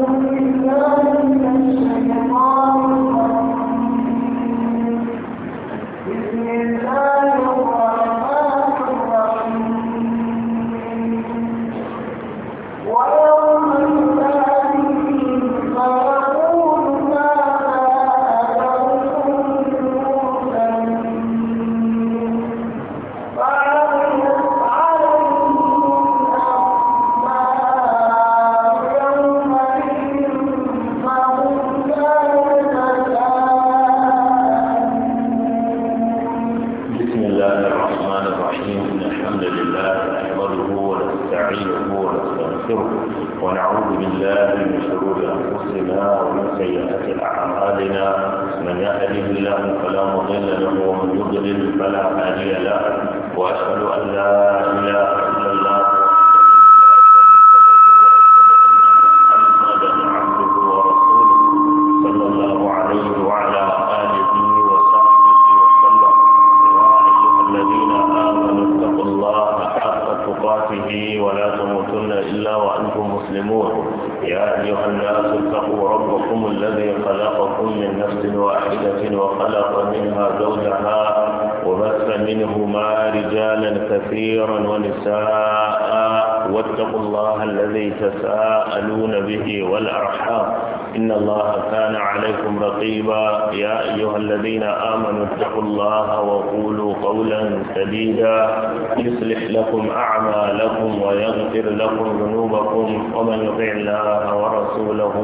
Thank you.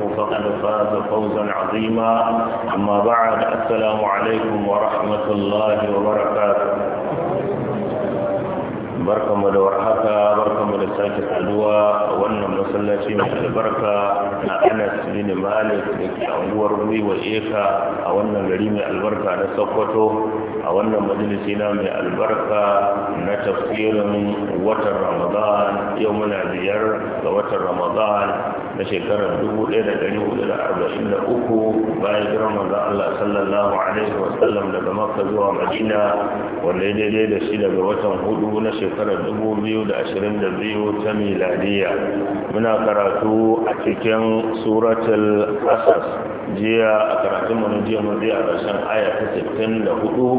فقد فاز فوزا عظيما أما بعد السلام عليكم ورحمة الله وبركاته barkamu da warhaka barkamu da sake saduwa wannan masallaci mai albarka na anas bin malik da ke anguwar gwiwa eka a wannan gari mai albarka na sokoto a wannan majalisi na mai albarka na tafsirin watan ramadan yau muna biyar ga watan ramadan na shekarar 1443 bayan jiran manzon Allah sallallahu alaihi wa sallam daga Makka zuwa Madina wanda ya daidai da shi daga watan hudu na shekarar 2022 ta miladiya muna karatu a cikin suratul asas jiya a karatun mu jiya mu a rashin aya ta hudu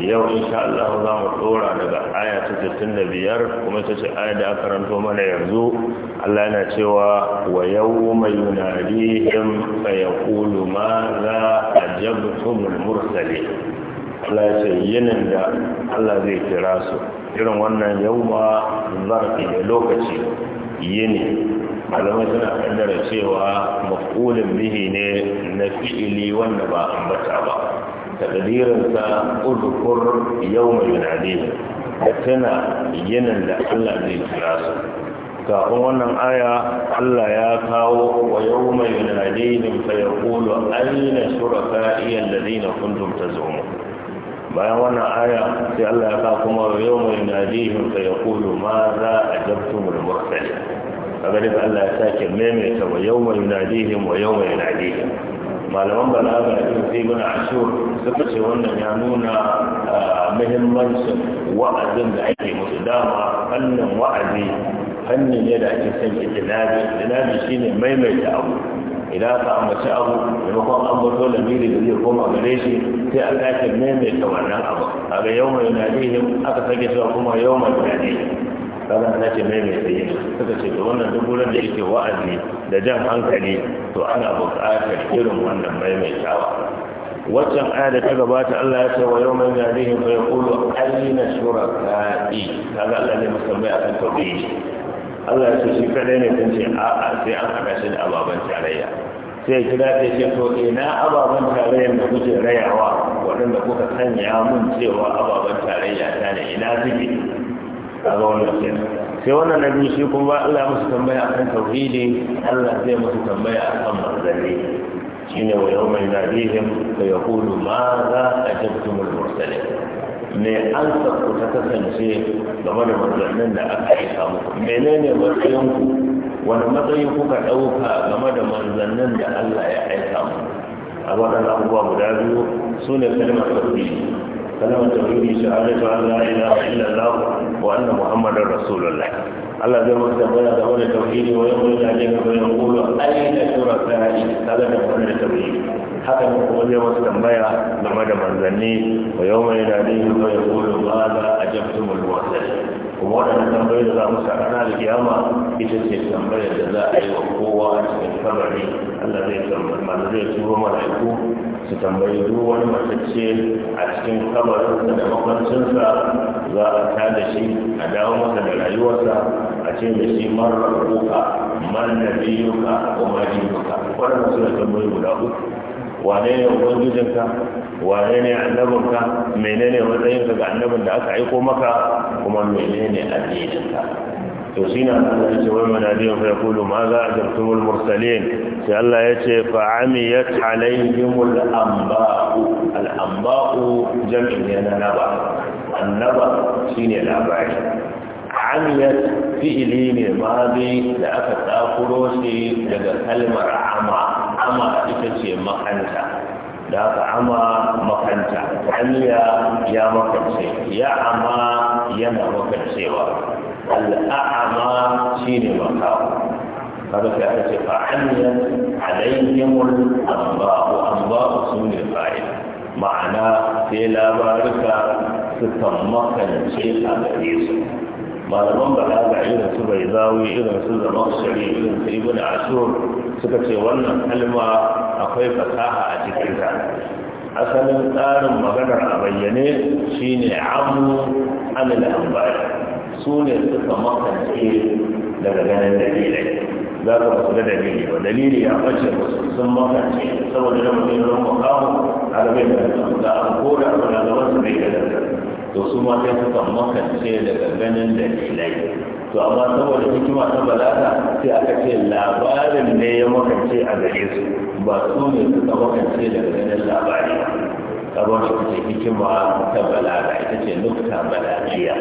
yau insha Allah za mu dora daga aya ta biyar, kuma ita ce aya da aka ranto mana yanzu Allah yana cewa wa yau mai yunari yunadihim fa Kulu ma za a ajabtumul mursalin Allah ya ce yinin da Allah zai kira su irin wannan yau ma zarfi da lokaci yini malamai suna kaddara cewa maf'ulin bihi ne na fi'ili wanda ba ambata ba takdirinsa yau mai yunadihim da tana yinin da Allah zai kira su kafin wannan aya Allah ya kawo wa yawma yunadihim fa yaqulu iya lalina kundum ta zomo. bayan wannan aya sai Allah ya sa kuma yau mai nadihim sai ya kulu ma za a jabtum al mursali kaga da Allah ya sake maimaita wa yau mai nadihim wa yau mai nadihim malaman balaga ibn ibn ashur suka ce wannan ya nuna muhimmancin wa'azin da ake musu dama hannun wa'azi hannun ne da ake son itinabi itinabi shine maimaita abu idan aka ambaci abu maimakon ambato lamiri da zai koma gare shi انت اتاك النام يتوى هذا يوم يناديهم اتاك جسركم يوم يناديهم هذا اتاك النام يتوى هذا شيء وانا دبولا لك وأدني لجام انك لي تو انا ابوك اتاك جرم وانا مريم يتوى وشم آل تقبات الله يتوى يوم يناديهم فيقول أين شركائي هذا الله لما سمي أكن تبيه الله يتوى شفعلين يتنشي أعطي أنك أشد أبابا عليها سيجلاتي شفو إنا أبا بنت علي المحوز علي عوار وعندما كنت تنعى من سوى أبا بنت علي أتان إنا سجي أبا بنت علي سيوانا نبي شيكم با الله مستمع عن توحيدي الله زي مستمع عن مرزلي شين ويوم يناديهم فيقول ماذا أجبتم المرسلين ne an sakku ta kasance game da wannan da aka aika muku menene matsayin ku wani matsayi kuka ɗauka game da manzannin da Allah ya aika mu a waɗannan abubuwa guda biyu su ne kalmar tafi kalmar tauhidi shahadatu an la ilaha illallah wa anna muhammadar rasulullah Allah zai masa tambaya game da tauhidi wa yau da ne ga bayan kulo aina shuraka'i kaga da wannan tauhidi haka ne kuma zai wasu tambaya game da manzanni wa yau mai da ne ga bayan kulo ma za a wasu kuma waɗannan tambayar da za mu sa da kiyama ita ce tambayar da za a yi wa kowa a cikin kabari Allah zai tambayi mana zai turo mala'iku su tambayi duk wani matacce a cikin kabarinsa da makwancinsa za a da shi a dawo masa da rayuwarsa a ce da shi man rabuka man nabiyuka wa majibuka waɗannan suna tambayi guda uku wane ne ubangijinka wane ne annabinka menene matsayinka ga annabin da aka aiko maka kuma menene addininka to shi ne Allah ya ce wai manadiyin fa yaqulu ma za ajabtumul mursalin sai Allah ya ce fa amiyat alaihimul anba'u al anba'u jam'i ne na naba annaba shine labari amiyat fi'ili ne madi da aka tsakuro shi daga kalmar ama ama ita ce makanta da aka ama makanta hanya ya makance ya ama yana makancewa al'a'ama shi ne makawa kada sai aka ce fa'aniyar alaihimul amba'u amba'u su ne fa'il ma'ana sai labarika sukan makance a gare su malaman balaga irin su bai zawi irin su zama shari irin su ibn ashur suka ce wannan kalma akwai fasaha a cikin ta asalin tsarin maganar a bayyane shine amu alal anbari su ne suka makance daga ganin dalilai za ka basu da dalili ba dalili ya bace musu sun makance saboda da mutum ya zama kawo a rabin da za a kora a su bai da to su ma sai suka makance daga ganin dalilai to amma saboda hikima ta balaga sai aka ce labarin ne ya makance a gare su ba su ne suka makance daga ganin labari kamar su ce hikima ta balaga ita ce nukta balagiya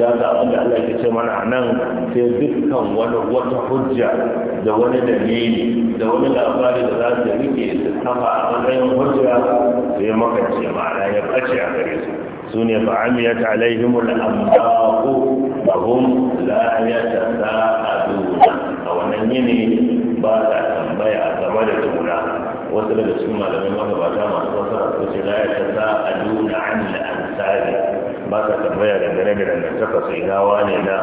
da ga abin da Allah ya ce mana a nan sai dukkan wani wata hujja da wani dalili da wani labari da za su rike su kafa a matsayin hujja sai makance ma'ana ya ɓace a gare su sune fa'amiyat alaihim al da wa hum la yatasaaluna a wannan yini ba ta tambaya game da juna wasu daga cikin malamai magabata masu fasara ko ce la yatasaaluna an al-ansari ba ta tambaya dangane da dangantaka su ina wane na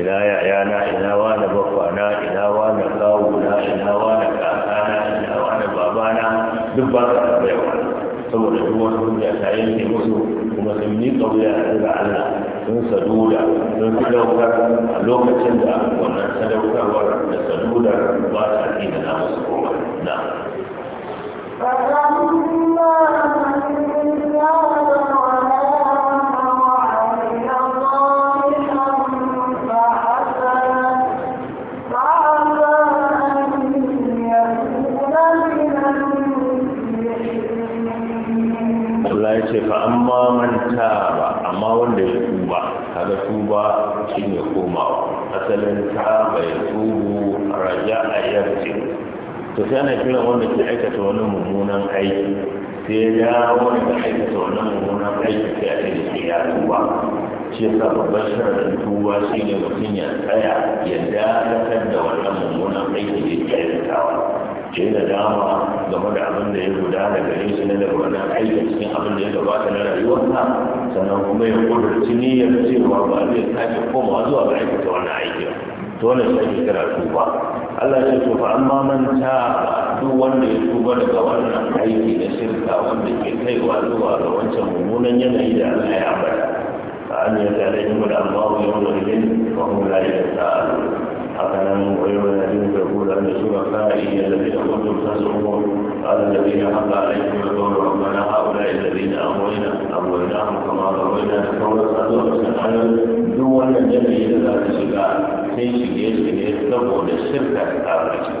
ina na ina wane na ina wane kawu na ina wane kaka na ina wane duk ba ta saboda duk wani hujja ta yanke musu kuma sun yi kauya ga Allah sun saduda sun sadaukar a lokacin da wannan sadaukarwar da saduda ba ta dina na musu kuma na. to sai ana kira wanda ke aikata wani mummunan aiki sai ya wani da aikata wani mummunan aiki sai a kai shi ya tuba shi yasa babban sharadin tuba shi ne mutum ya tsaya ya dakatar da wannan mummunan aiki da ya aikatawa ke da dama game da abin da ya guda da gare shi na da wannan aiki cikin abin da ya gabata na rayuwarsa sannan kuma ya kudurci niyyar cewa ba zai sake komawa zuwa ga aikata wani aiki to wannan shi ake kira tuba Allah ya ce fa amma man ta duk wanda ya tuba daga wannan aiki da shirka wanda ke kaiwa zuwa ga wancan mummunan yanayi da Allah ya ambata fa an ya tare ni mun amma ya mun rin wa mun la ya ta'al haka nan wa yau da din da kula da shura fa'i ya da da kullu tasawwu qala alladhina haqa alaykum al-qawlu rabbana haula'i alladhina amwayna amwaynahum kama rabbana kawla sadu wa sanan duk wannan yanayi da za ta shiga sai shige shige saboda shirka da tsarki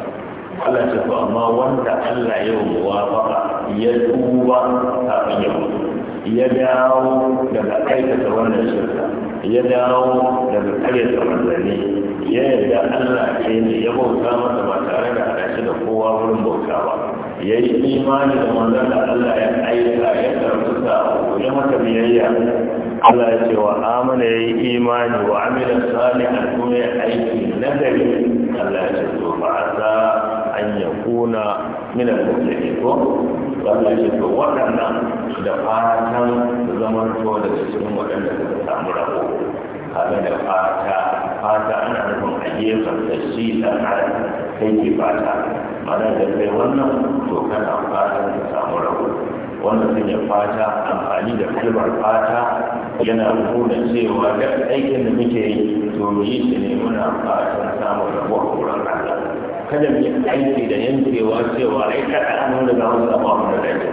Allah ce to amma wanda Allah ya muwafaka ya tuba kafin ya mutu ya dawo daga aikata wannan shirka ya dawo daga karyata manzanni ya yarda Allah ce ne ya bauta masa ba tare da hada shi da kowa wurin bauta ba ya yi imani da manzan da Allah ya aika ya karfi sa'o ya mata biyayya Allah ya ce wa amana ya yi imani wa amina salihan kuma ya aiki nagari Allah ya ce to ba za an ya kuna min al-mutlaqi ko Allah ya ce to waɗannan da fatan zaman to daga cikin waɗanda suka samu rabo kaga da fata fata ana nufin a gefen da shi da kai ke fata Ba da kai wannan to kana fata ta samu rabu wannan sun yi fata amfani da kalmar fata yana nuna cewa duk aikin da muke yi to mu yi shi ne muna fatan samun rabu a wurin Allah kada mu yi aiki da yankewa cewa ai kada an nuna ga wasu abubuwan da dace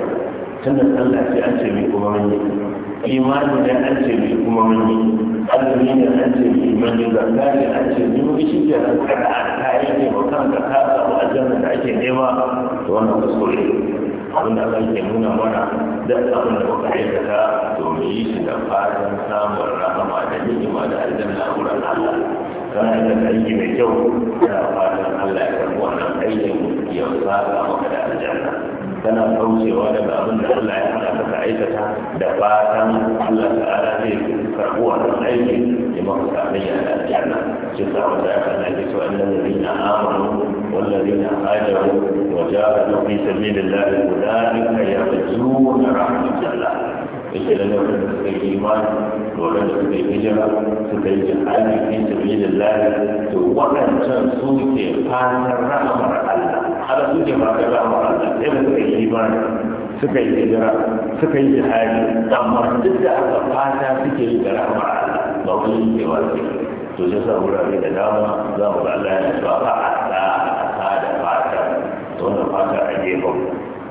tun da Allah sai an ce mai kuma mun yi imani da an ce mai kuma manyi. azumi da an ce mai manyi zakka da an ce mai mai shi ke nan kada a kayan ne ba kan ka ka samu aljanna da ake nema to wannan kuskure abin da aka ke nuna mana da abin da muka aikata to mu yi shi da fatan samun rahama da ni'ima da aljanna a wurin Allah kana da aiki mai kyau da fatan Allah ya karɓo wannan aikin ya saka maka da aljanna tana kaucewa daga abin da Allah ya hada ka aikata da fatan Allah ta'ala zai karbu wannan aiki ya maka tarayya da aljanna shi sa wanda ya kana ke so annal ladina amanu wal ladina hajaru wa jahadu fi sabilillah ulaika yarjuna rahmatallah yake da lokacin da suka yi imani lokacin da suka yi hijira suka yi jihadi fi sabilillah to waɗancan su ke fatan rahmar ala su jama'a da rahama Allah sai da suka yi imani suka yi hijira suka yi jihadi amma duk da aka fata suke yi da rahama Allah ba wani yake ba su to sai sa wurare da dama za mu ga Allah ya ba ba a ta ta da fata to wannan fata a gefen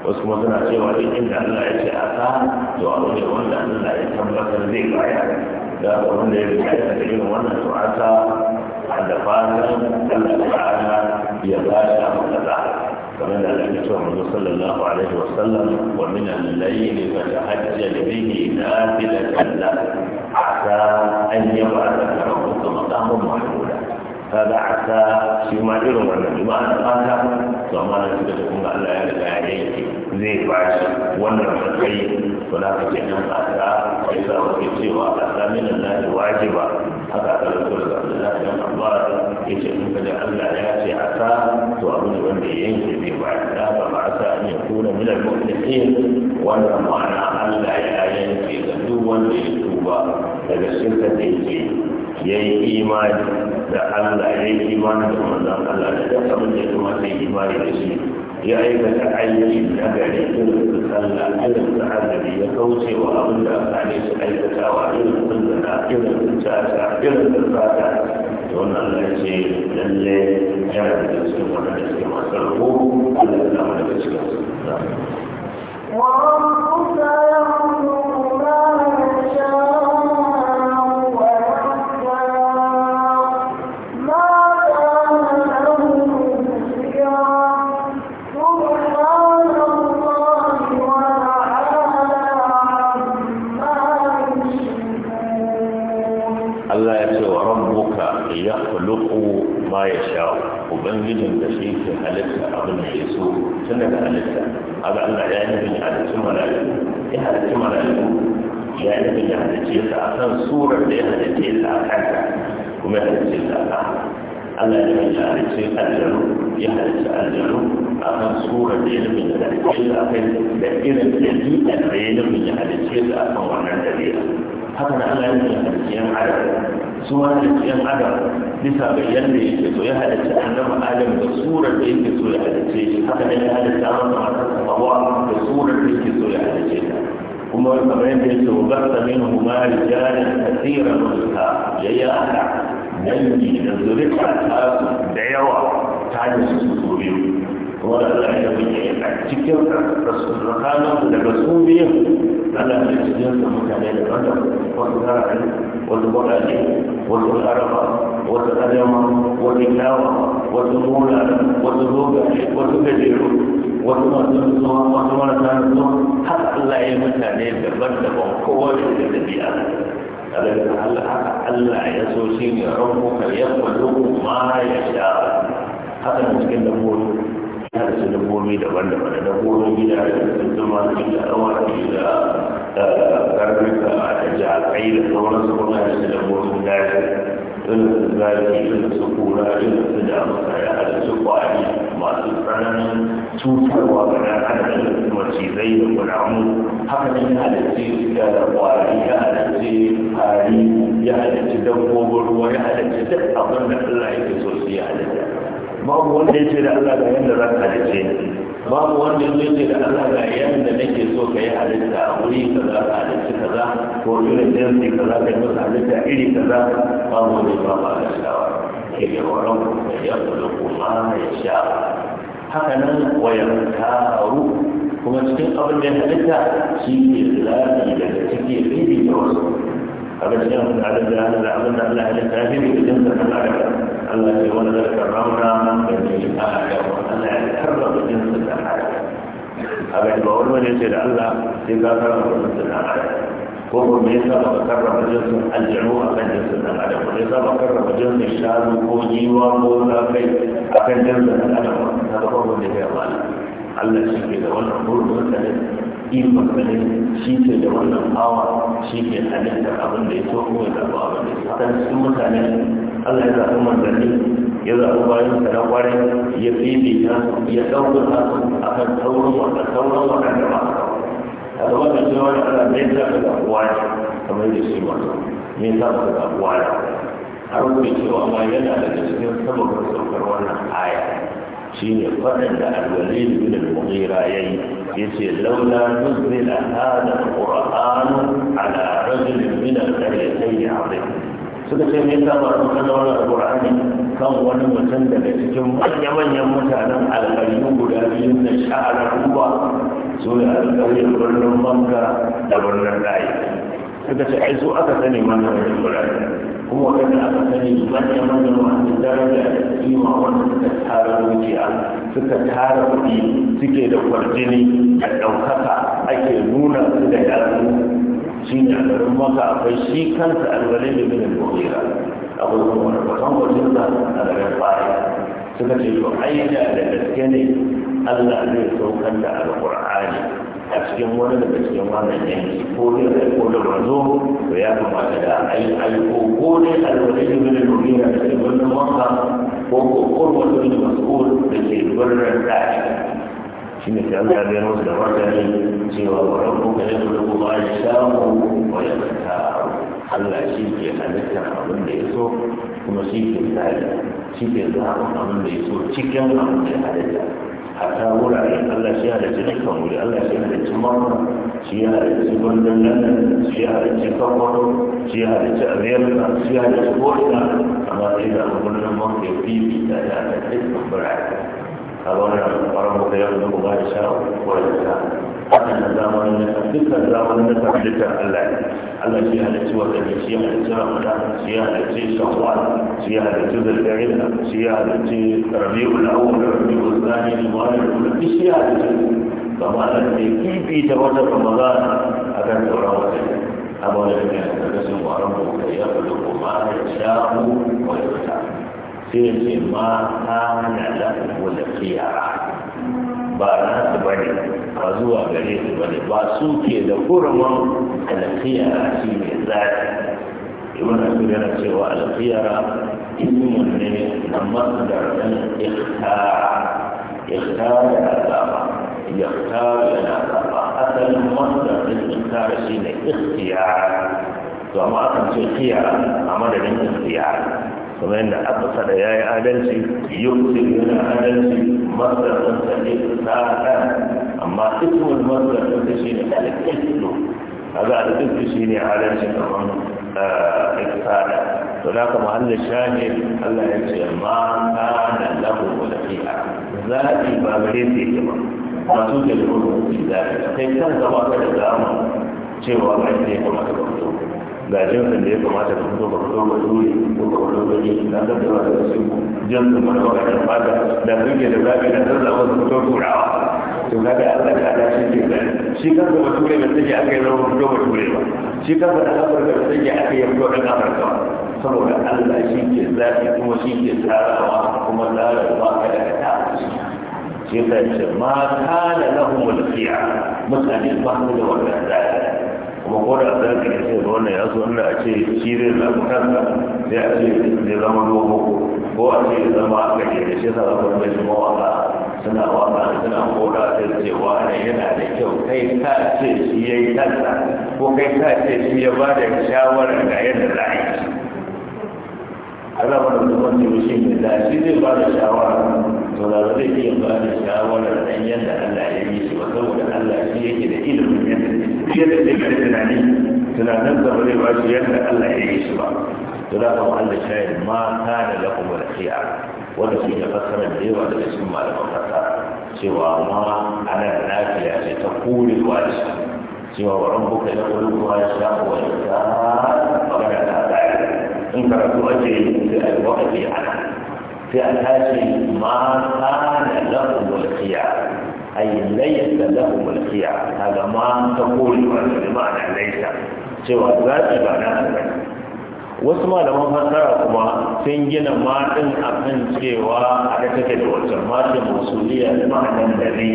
wasu kuma suna cewa duk inda Allah ya ce a ta to a wani wanda Allah ya tabbatar zai baya da wanda ya riga ya da irin wannan to a ta da fatan Allah ta'ala ya ba shi a kaza كما قال النبي صلى الله عليه وسلم ومن الليل فتهجد به نافلة له عسى أن يبعث ربك مقام محمودا هذا عسى شيما إيرون أن بمعنى هذا فما نسبة تكون على ذلك زي باش وانا رحمتي ولا تجنم عسى إذا وكتي وعسى من الله واجبا هذا كان من المفلحين وانا معنى الله يعين في ذنوبا ليتوبا daga shirka da yake ya yi imani da Allah ya yi imani da manzan Allah da duk abin da ya kamata imani da shi ya aikata ayyukan na gari irin su sallah irin su ya kauce wa abin da aka ne su aikatawa irin su zana irin su caca irin su tsada da wannan Allah ce lalle ya da cikin wannan da suke masu rabo Allah ya zama cikin su. Wa tun daga halitta aga Allah ya yi bin halittu mala'iku ya halittu mala'iku ya yi bin halittu ta a kan surar da ya halittu ta a kanta kuma ya halittu ta a Allah ya bin halittu aljanu ya halittu aljanu akan surar ilimin da shi da aka yi da irin ɗabi'ar da ilimin ya halicce su akan wannan ɗabi'a haka na Allah ya halicce yan adam su ma halicce yan adam bisa ga yadda yake so ya halicce annabi adam da surar da yake so ya halicce shi haka ne ya halicce masa matar samawa da surar da yake so ya halicce ta kuma kamar yadda yake wa gasa min huma rijalan kathira mulka ya yi aka dangi da zurika ta da yawa ta da su su biyu ولا يعلم أتكر رسول لمسؤولية على الإسلام ومكان البدر والزرع والبرد والأربع والألم والإكاوة والزمولة والزلوبة والتكبير وثمان ثمان حتى الله يمكن البدر وقوة البيئة Allah ya so shi ne ranku ka yabba duk ma ya sha haka cikin dabbobi ya da su dabbobi daban-daban da dabbobin gida da tuntuma da awaki da karnuka da jakai da sauransu kuma da su dabbobin daji irin su zaki irin su kura irin su damuka ya da su kwari masu tsananin cutarwa ga ɗan adam irin su macizai da kunamu haka ne ya halarci da kwari ya halarci hari ya halarci dabbobin ruwa ya halarci duk abin da Allah yake so su ya halarci babu wanda ya ce da Allah ga yadda za ka halice ni babu wanda ya ce da Allah ga yadda nake so ka yi halitta a wuri kaza ka halitta kaza ko irin jinsi kaza ka yi masa halitta iri kaza babu wanda ya ba da shawara ke da waran ya kula kuma ya sha haka nan wayan taru kuma cikin abin da ya halitta shi ke zafi daga cikin iri da wasu abin da mun adam da Allah abin da Allah ya tafi da cikin sa Allah Allah ya wani da karama da ni a ga Allah ya karba cikin sa da abin ba wani ne ce da Allah sai ka karba cikin sa da ko ko me yasa ba karba cikin sa aljihu akan cikin sa da ko yasa ba karba cikin sa shanu ko jiwa ko zakai akan cikin sa da ko ko ne Allah Allah shi ke da wannan burin da ikon gani shi ke da wannan awa shi ke halitta abin da ya so kuma ya zaɓa abin da ya san cikin mutane Allah ya zaɓi manzanni ya zaɓi bayan sa na ƙwarai ya fifi ta ya ɗauka ta a kan sauran wata sauran da ba a gaba da cewa da Allah zai ta ga zaɓuwa ne kamar da shi ma me ta ga zaɓuwa ne har wuce cewa ma yana daga cikin sababin saukar wannan aya shi ne da alwalid ya yi yayi yace laula nuzila hada al-qur'an ala rajul min al-qaryatayn azim suka ce me yasa ba su kana wannan alqur'ani kan wani mutum daga cikin manya-manyan mutanen alƙaryu guda biyu na sha'arar ruwa su ne alƙaryar birnin manga da birnin rayu. suka ce ai su aka sani mana wani kuma waɗanda aka sani manya manyan masu daraja da kima wanda suka tara zuciya suka tara kuɗi suke da kwarjini da ɗaukaka ake nuna su da yaru shi ne a garin maka akwai shi kansa alwalai da minin bukira akwai kuma wani kasan wajen da a garin baya suka ce to ai da gaske ne Allah zai saukar da alƙur'ani a cikin wani daga cikin wannan yanki ko ne da ko da wanzo to ya kamata da ai ai ko ko ne alwali ne da ne da cikin wannan wanka ko ko ko wani da mas'ul da ke da da'i shine sai Allah ya bayar musu da martani cewa wa rabbuka yakhluqu ma yasha'u wa yakhtar Allah shi ke halittar abin da ya so kuma shi ke tsari shi ke zaɓin abin da ya so cikin abin da ya halitta hatta wurare Allah shi halarci dukkan wuri Allah shi halarci mawa shi halarci gundun london shi halarci kakwaro shi halarci amerika shi halarci amma sai da gundun mawa fifi da ta dukkan birane a wannan yau da kuma da sha'awar ta haka na zamanin da dukkan zamanin da halittar Allah ne Allah shi halitta wa gani shi halitta Ramadan shi halitta Shawwal shi halitta Zulqa'ida shi halitta Rabiul Awwal Rabiul Thani Muharram duk shi halitta kamar da ke kifi ta wata Ramadan akan sauran wata أما الذين يتبسم ربك يخلق ما يشاء ويختار سيما كان له الخيار ba na su bane ba zuwa gare su bane ba su ke da kurman alkhiyara shi ne zaki ibn abu yana cewa alkhiyara ismun ne na masdar ɗin ikhtara ikhtara da azaba yaktaru da azaba asalin masdar ɗin ikhtara shi ne ikhtiyar to amma akan ce khiyara a madadin ikhtiyar Kuma yadda aka sada ya yi adalci yi yana adalci masarafin sa ne ta ɗan amma ismul masarafin sa shi ne alƙislu kaga alƙislu shi ne adalci kamar eh, ikisada to da kama hannun shani allah ya ce ma lafi lahu wala a zaɓi ba gare su yake ba masu ke wani kuma zaɓi kai kan gaba ka da zama cewa ba ne kuma da fito ga jinsin da ya kamata ka fito ka fito ma dole ko ka wani gani da ka fito da su jinsin wani wakilin fata da sun ke da zaɓi da sun zaɓa su fito turawa to ka ga allah ka ala shi ke zai shi kansa ba ture da take aka yi zama fito ba ture ba shi kansa da afirka da take aka yi fito ɗan afirka saboda allah shi ke zaɓi kuma shi ke tsarawa kuma tsara ba ka da ta shi ta ce ma kana lahumul khiyar mutane ba su da wannan zaɓi kuma ko da za ka ce da wannan ya zo inda a ce shi zai zama kansa sai a ce zai zama dogo ko a ce zama a gaje da shi sa zama mai shi mawaƙa suna waƙa suna koda sai su ce wa yana da kyau kai ka ce shi ya yi kansa ko kai ka ce shi ya ba da shawarar ga yadda za a yi ana da zaman da shi ne da shi zai ba da shawara to da zai iya ba da shawarar dan yadda Allah ya yi shi ba saboda Allah shi yake da ilimin yadda biyar da ya kai tunani tunanin da ba zai ba shi yadda Allah ya yi shi ba to da kuma Allah shayar ma ta da lakumul khiyar wanda shi ne fassara da yawa daga cikin malaman fassara cewa ma ana lafiya ce ta kure wajibi cewa wa rabbuka yaqulu ya sha'u wa yasha magana ta tsaya in karatu ake yi sai a yi wa'azi ana sai a tashi ma kana lakumul khiyar ai laisa lahum al-khiyar kaga ma ta kore wannan ma'ana laisa cewa zaɓi ba na su bane wasu malaman fassara kuma sun gina matin a kan cewa a da take da wancan matin musuliya da ma'anan da ne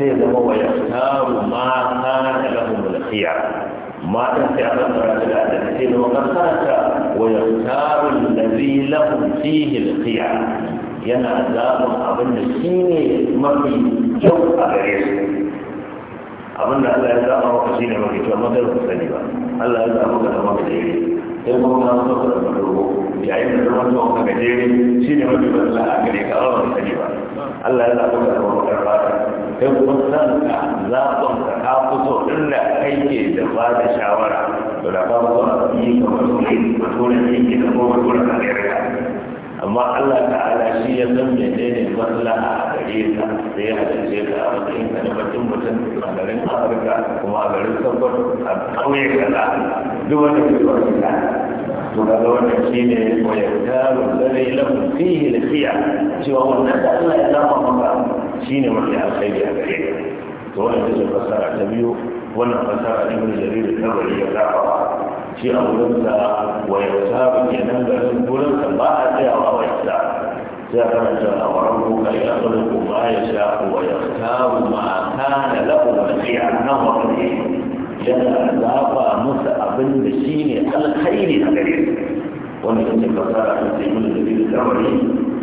sai zama wa ya taru mata da lahum al-khiyar matan sai a fassara da da sai zama fassara wa ya taru allazi lahum fihi al-khiyar yana zaɓin abin da shi ne mafi kyau a gare su abinda Allah ya zama wa kashi ne mafi kyau mafi ba sani ba Allah ya zama zama da jere sai kuma na zama da zama dogo yayin da zama zama maka gajere shi ne mafi ban la'a gare ka ba sani ba Allah ya zama zama da mafi sai kuma san ka zaɓon ka ka fito inda kai ke da ba da shawara to da ba ku a yi kamar su ne ba tura ne ke da kuma tura ka gare ka amma Allah ta'ala shi ya san menene maslaha a gare ka sai ya hadace ka a matsayin ka na mutum mutum a garin Afirka kuma a garin Sabbata a ƙauye kaza duk wanda ke ba shi ka to ga wannan shine wa yaktaru zalai lahu fihi lafiya cewa wannan da Allah ya zama maka shine mafi alkhairi a gare ka to wannan ita fasara ta biyu wannan fasara ibnu jarir tabari ya zaba shi a wurinsa wa yauta kenan garin wurinsa ba a tsayawa wa yauta sai a karanta a wurin kuka ya tsarku ba ya sha wa yauta ma kana lahu wasiya nan wa kare yana zaba musu abin da shi ne alkhairi na gare su wanda ita ce fasara ta sai mun da zai tsamari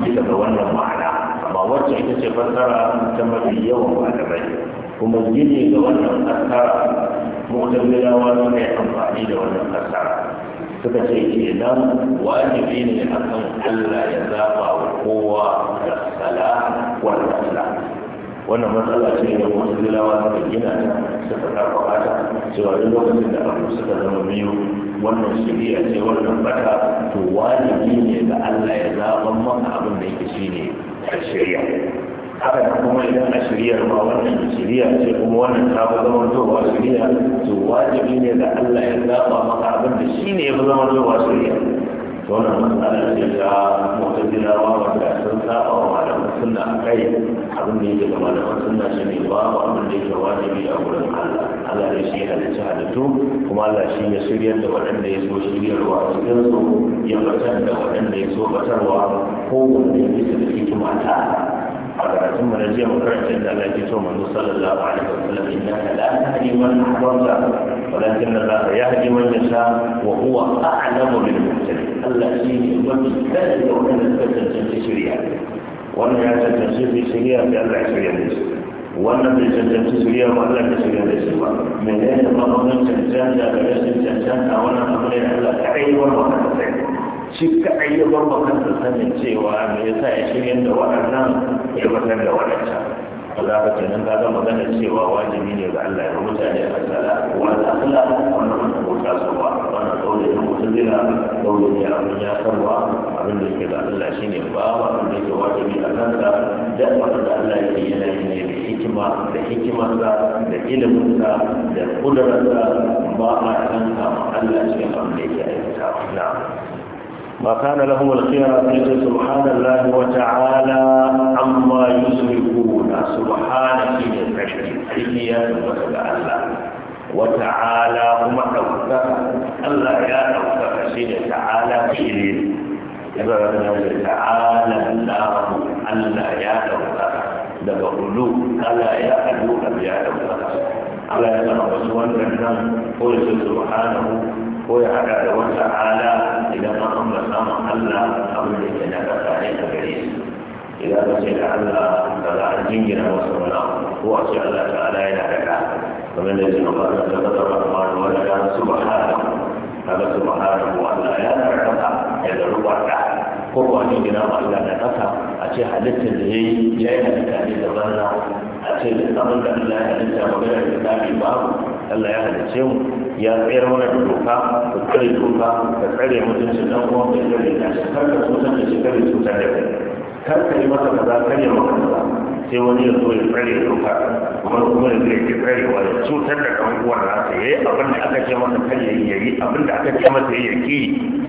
bisa ga wannan ma'ana amma wacce ita ce fasara ta mafi yawan malamai kuma gini ga wannan asara mutabilawa su ne amfani da wannan asara suka ce kenan wajibi ne akan Allah ya zaba wa kowa da sala wa rasula wannan matsala ce da mutabilawa suka gina suka karfafa ta cewa duk lokacin da abu suka zama biyu wannan shari'a ce wannan bata to wajibi ne da Allah ya zaba maka abin da yake a shirya. haka kuma idan a shirya ma wannan shirya ce kuma wannan ta fi zama towa shirya to wajibi ne da Allah ya zaba maka abin da shi ne ya fi zama towa shirya to wannan matsala ce ta mu'tazilawa wanda sun saba wa malaman sunna a kai abin da yake da malaman sunna shi ne ba abin da yake wajibi a wurin Allah Allah ne shi ya halicci halittu kuma Allah shi ya shirya da waɗanda ya so shiryarwa a cikin su ya batar da waɗanda ya so batarwa kowanne bisa da hikima ta karatun mu na jiya makarantar da Allah ke so manzo sallallahu alaihi wasallam innaka la tahdi man ahbabta walakin Allah yahdi man yasha wa huwa a'lamu bil muhtadin Allah shi ne wanda kada ya wanda ta tantance shari'a wannan ya tantance shari'a da Allah shari'a ne wannan bai cancanci zuriya ba Allah da shiga da shi ba mai ne da ba wannan cancanta da rashin a wannan abu ne da Allah ta aiwar wa ta aiwar shi yi ya bar kansa sanin cewa me yasa ya shirya da waɗannan ya batar da waɗancan ba za ka kenan ta ga magana cewa wajibi ne ga Allah ya mutane a tsara wa ta kula wani wata su ba wani dole ne mutum zira dole ya abin ya sarwa abin da yake ga Allah shine ba abin da yake wajibi a kansa da abin da Allah yake yi yi ne da hikima da hikimarsa da iliminsa da kudurarsa ba a kanka Allah shi abin da yake aikatawa na'am وكان لهم الخيار في سبحان الله وتعالى عما يشركون سبحانك من تشريع الله وتعالى هم أوكف الله يا أوكف سين تعالى شرير تعالى الله الله يا أوكف daga علو ألا يا adu abiya da Allah ya tsara wasu wannan ko ya haɗa da wata ala idan an ambata ma Allah abin da ke daga tare da gare su idan ka ce da Allah da za a jingina wasu wani ko a ce Allah ta'ala yana da ka kamar da yake nufa da tabbatar da kuma da wani ka subhana kaga subhana ko Allah ya karkata ya da rubuta ko ba ni gina ma Allah da kasa a ce halittar da yayi yayi halitta ne da banza a ce da abin da Allah ya halitta magana da babu Allah ya halicce mu ya tsayar mana da doka ka tsare doka ka tsare mutuncin dan uwan ka tsare ka kar ka cutar da shi kar ka da kai kar ka yi masa kaza kar ya maka kaza sai wani ya zo ya tsare doka kuma kuma ya zai ke tsarewa ya cutar da dan uwan nasa yayi abin da aka ce masa kar ya yi yayi abin da aka ce masa ya ki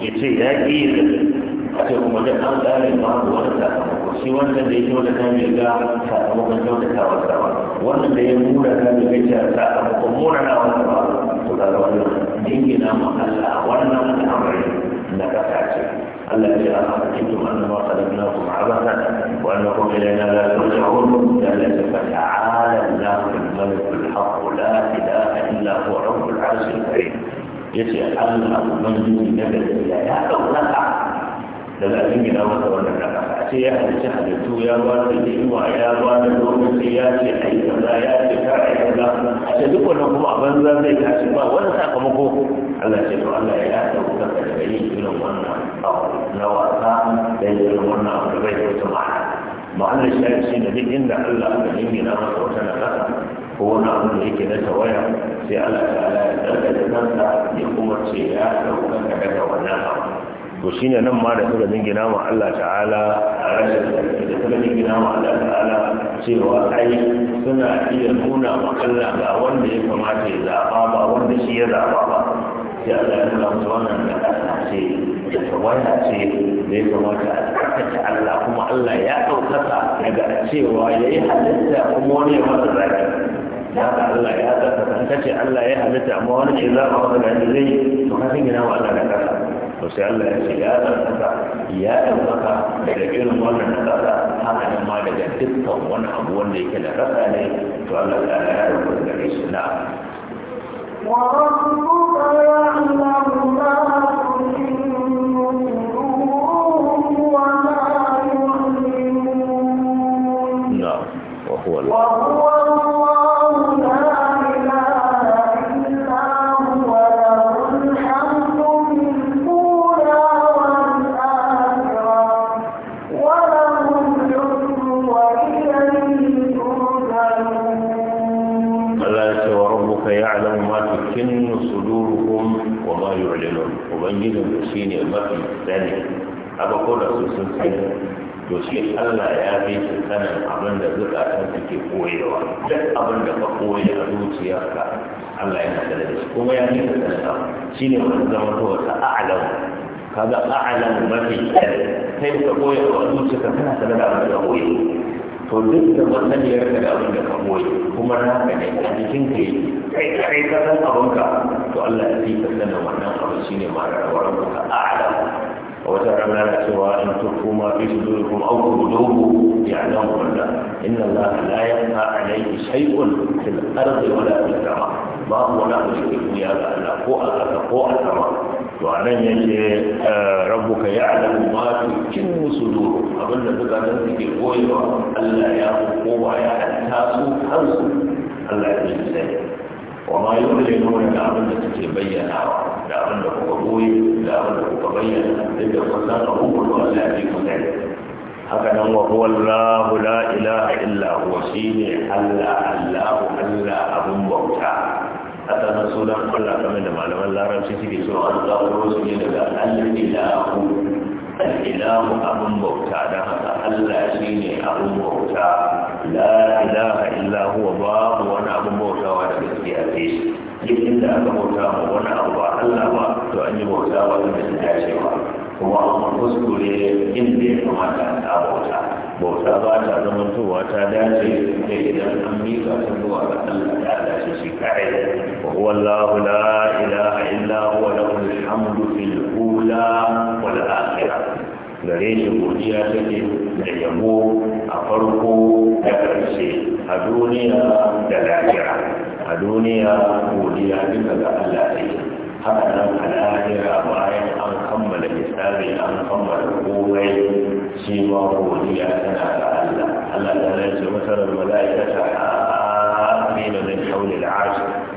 ya ce ya ki ya ce kuma da an tsare ma wani sakamako shi wannan da ya kyautata mai ga sakamakon kyautatawa sa wannan da ya mura ta mai sakamakon mura na wani ba da wannan dingina mu Allah wannan al'amari da ka tace Allah ya ana hakikum anna ma khalaqnakum abathan wa annakum ilayna la turja'un ya la ta'ala Allahu al-malik al-haq la ilaha illa huwa rabbul arsh al-karim yace Allah mun yi da ya dauka daga dingina masa wannan da sai ya halitta halittu ya ba da ni'ima ya ba da lokaci ya ce a yi kaza ya ce ka a yi kaza a ce duk wannan kuma a banza zai tashi ba wani sakamako Allah ce to Allah ya yada wuta ka daga yin irin wannan abu na wasa da irin wannan abu da bai da wata ma'ana ma'anar shari'a shi ne duk inda Allah ya nuna masa wata na kasa ko wani abu da yake na tawaya sai Allah ta ala ya da kansa ya kuma ce ya ɗauka ka daga wannan abu to shine nan ma da suka jingina ma Allah ta'ala a rashin da suka jingina ma Allah ta'ala cewa ai suna iya nuna ma Allah ga wanda ya kamata ya zaɓa ba wanda shi ya zaɓa ba sai Allah ya nuna musu wannan da ƙasa ce da tawaya ce da ya kamata a tsarkake Allah kuma Allah ya ɗaukaka daga cewa ya yi halitta kuma wani ya masa zaki Ya haka Allah ya tsarkaka an kace Allah ya halitta amma wani ce zaɓa wani da zai to ka jingina ma Allah da ƙasa to sai Allah ya ce ya ɗaukaka ya ɗaukaka daga irin wannan nasara haka nan ma daga dukkan wani abu wanda yake da rasa ne to Allah ta ya ɗaukaka daga shi na وهو الله to shi Allah ya fi sanin abin da zukatan suke koyewa duk abin da ka koye a zuciyarka Allah yana da shi kuma ya fi sanin abu shi ne wani zama to wata a'alam kaga a'alam mafi kyau kai ka koye a zuciyarka kana sanar da abin da koye to duk da masaniyar ka da abin da ka koye kuma naka ne a jikin ka kai kai ka san ka. to Allah ya fi sanin wannan abu shine ma da rawar ka a'alam a wata rana na cewa in turku ma fi su dole kuma auku dogo ya nan wanda inna Allah la yanha alayhi shay'un fil ardi wala fil sama babu wani abu da ke ya ga Allah ko a ƙasa ko a sama to a nan yake eh, rabbuka ya'lamu ma tukinnu sudur abinda zukatan suke koyewa Allah ya fi kowa ya tasu kansu Allah ya sani wa ma yu'linuna da abinda suke bayyanawa da abin da kuka goyi da abin da kuka bayyana duk da kun san abubuwan da Allah ya ji ku haka nan wa huwa Allahu la ilaha illa huwa shine Allah Allahu Allah abun bauta haka nan sunan Allah kamar da malaman larabci suke so an zaɓo su ne daga Allah, ilahu ilahu abun bauta don haka Allah shine abun bauta la ilaha illa huwa babu wani abun bautawa da gaskiya sai shi duk inda aka bauta wa wani abu ba Allah ba to an yi bauta ba wanda ta dace ba kuma amma kuskure inda ya kamata a bauta bauta ba ta zama towa ta dace da idan an miƙa ta zuwa ga Allah ta dace shi kare. wa wallahu la ilaha illa huwa lahul hamdu fil ula wal akhirah gare shi godiya take da yabo a farko da karshe a duniya da lahira a duniya godiya duka ga Allah ne haka nan a lahira bayan an kammala misali an kammala komai shi ma godiya tana ga Allah Allah ta rage masarar mala'ikata a amina min hawli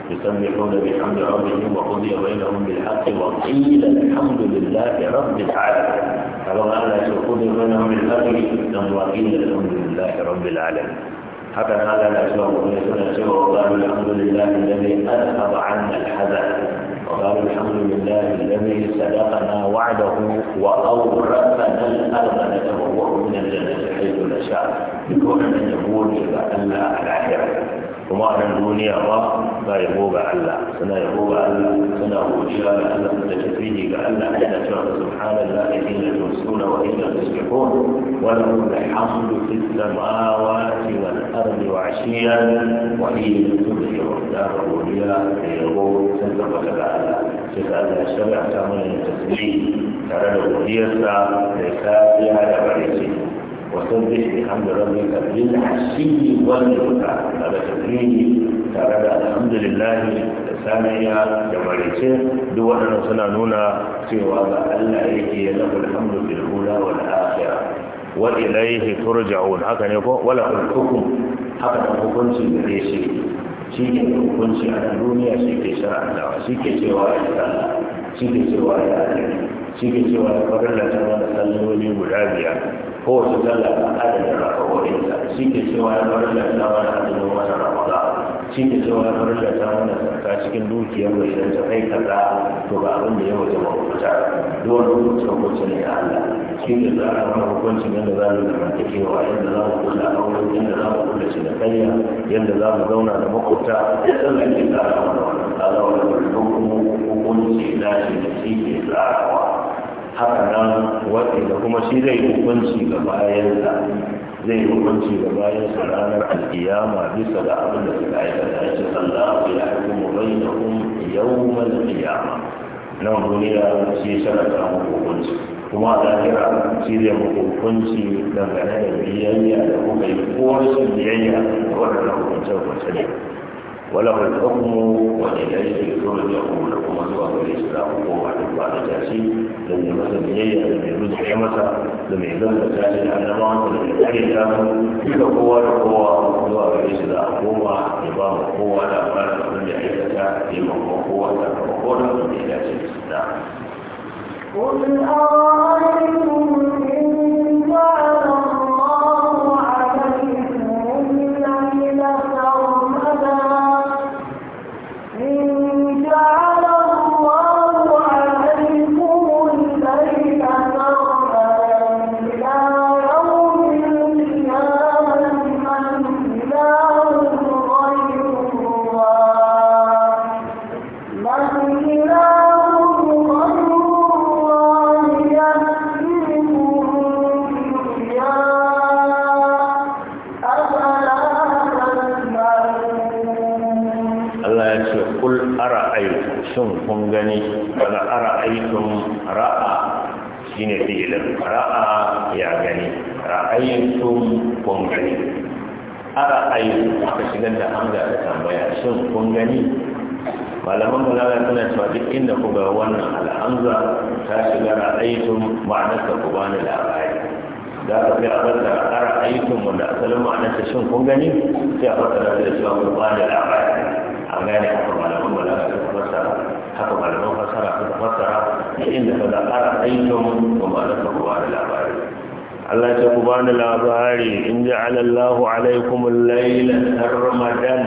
يسبحون بحمد ربهم وقضي بينهم بالحق وقيل الحمد لله رب العالمين فلو أن وقضي بينهم بالحق ثم وقيل الحمد لله رب العالمين حتى هذا الأسباب وليسنا بينهم وقالوا الحمد لله الذي أذهب عنا الحزن وقالوا الحمد لله الذي صدقنا وعده وأورثنا الأرض نتبوأ من الجنة حيث نشاء بكون من يقول إلى أن الآخرة وما من دوني الله لا يبوب يهوب الا سنا يهوب الا سنا وجهال الا تجريه الا ان ترى سبحان الله الذين يرسلون والا تسبحون ولهم الحمد في السماوات والارض وعشيا وحين تظهر دار الاولياء يهوب سبحانه وتعالى سيسال الشرع تعمل التسليم ترى الاولياء سا ليس فيها لا بريسين وسبح بحمد ربك بالعشي والإبكار هذا تكريمي tare da alhamdulillahi da saniya da maraice duk waɗannan suna nuna cewa ga Allah yake ya lafi alhamdu bil hula wal akhirah wa ilayhi turja'un haka ne ko wala hukum haka da hukunci gare shi shi hukunci a duniya shi ke shara'antawa shi ke cewa ya Allah shi ke cewa ya Allah cikin cewa da farilla ta wani salloli guda biyar kowace sallah a adadin rakawoyinsa cikin cewa da farilla ta da adadin wani ramadan cikin cewa da farilla ta wani sarka cikin dukiyar mai idan ta kai kaza to ba abin da ya wuce ba hukuta duwan hukunci hukunci ne a Allah cikin da za a kama hukuncin yadda za mu cewa yadda za mu kula a wurin yadda za mu kula cinikayya yadda za mu zauna da makwabta yadda za mu shi zai hukunci ga bayansa zai hukunci ga bayansa ranar alkiyama bisa ga abin da suka aikata ya ce sallahu ya mu bai da kun yawmal kiyama nan duniya shi sharata mu hukunci kuma a lahira shi zai muku hukunci dangane da biyayya da kuma yi ko rashin biyayya da waɗannan hukuncin hukunce ne وله الحكم وإليه يرجعون لكم أنواع الإسلام قوة بعد تأسيس لم يمثل إليه لم يمد حمسة لم يمد تأسيس أن بعض لم يحل له تلك قوة القوة أنواع الإسلام قوة نظام القوة لا مال من يحلك لمن قوة قوة من إلى سيد الإسلام قل أرأيتم malaman malala suna cewa duk inda ku ga wannan al'amza ta shiga ra'aitun ma'anarsa ku bani labari da aka fi abata a ra'aitun wanda asalin ma'anarsa shin kun gani sai a fasa fasara da cewa ku bani labari a gane haka malaman malala suka fasara haka malaman fasara suka fasara duk inda ka ga a ra'aitun ku ma'anarsa ku bani labari Allah ya ce ku bani labari in ja'ala Allahu alaikum al-laila sarmadan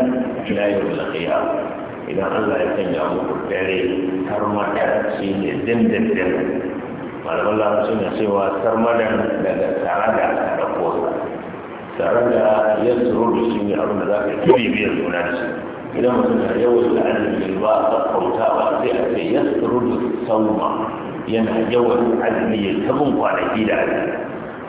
ila yawm al-qiyamah idan Allah ya sanya muku dare tarmadan shi ne dindindin malaman su na cewa tarmadan daga tara da kosa sarada ya tsoro da shi ne abinda za ka kiri biyar suna da shi idan mutum na yawan la'anin ba a kautawa sai a ce ya tsoro da sauma yana yawan azumi ya tabin kwanaki da azumi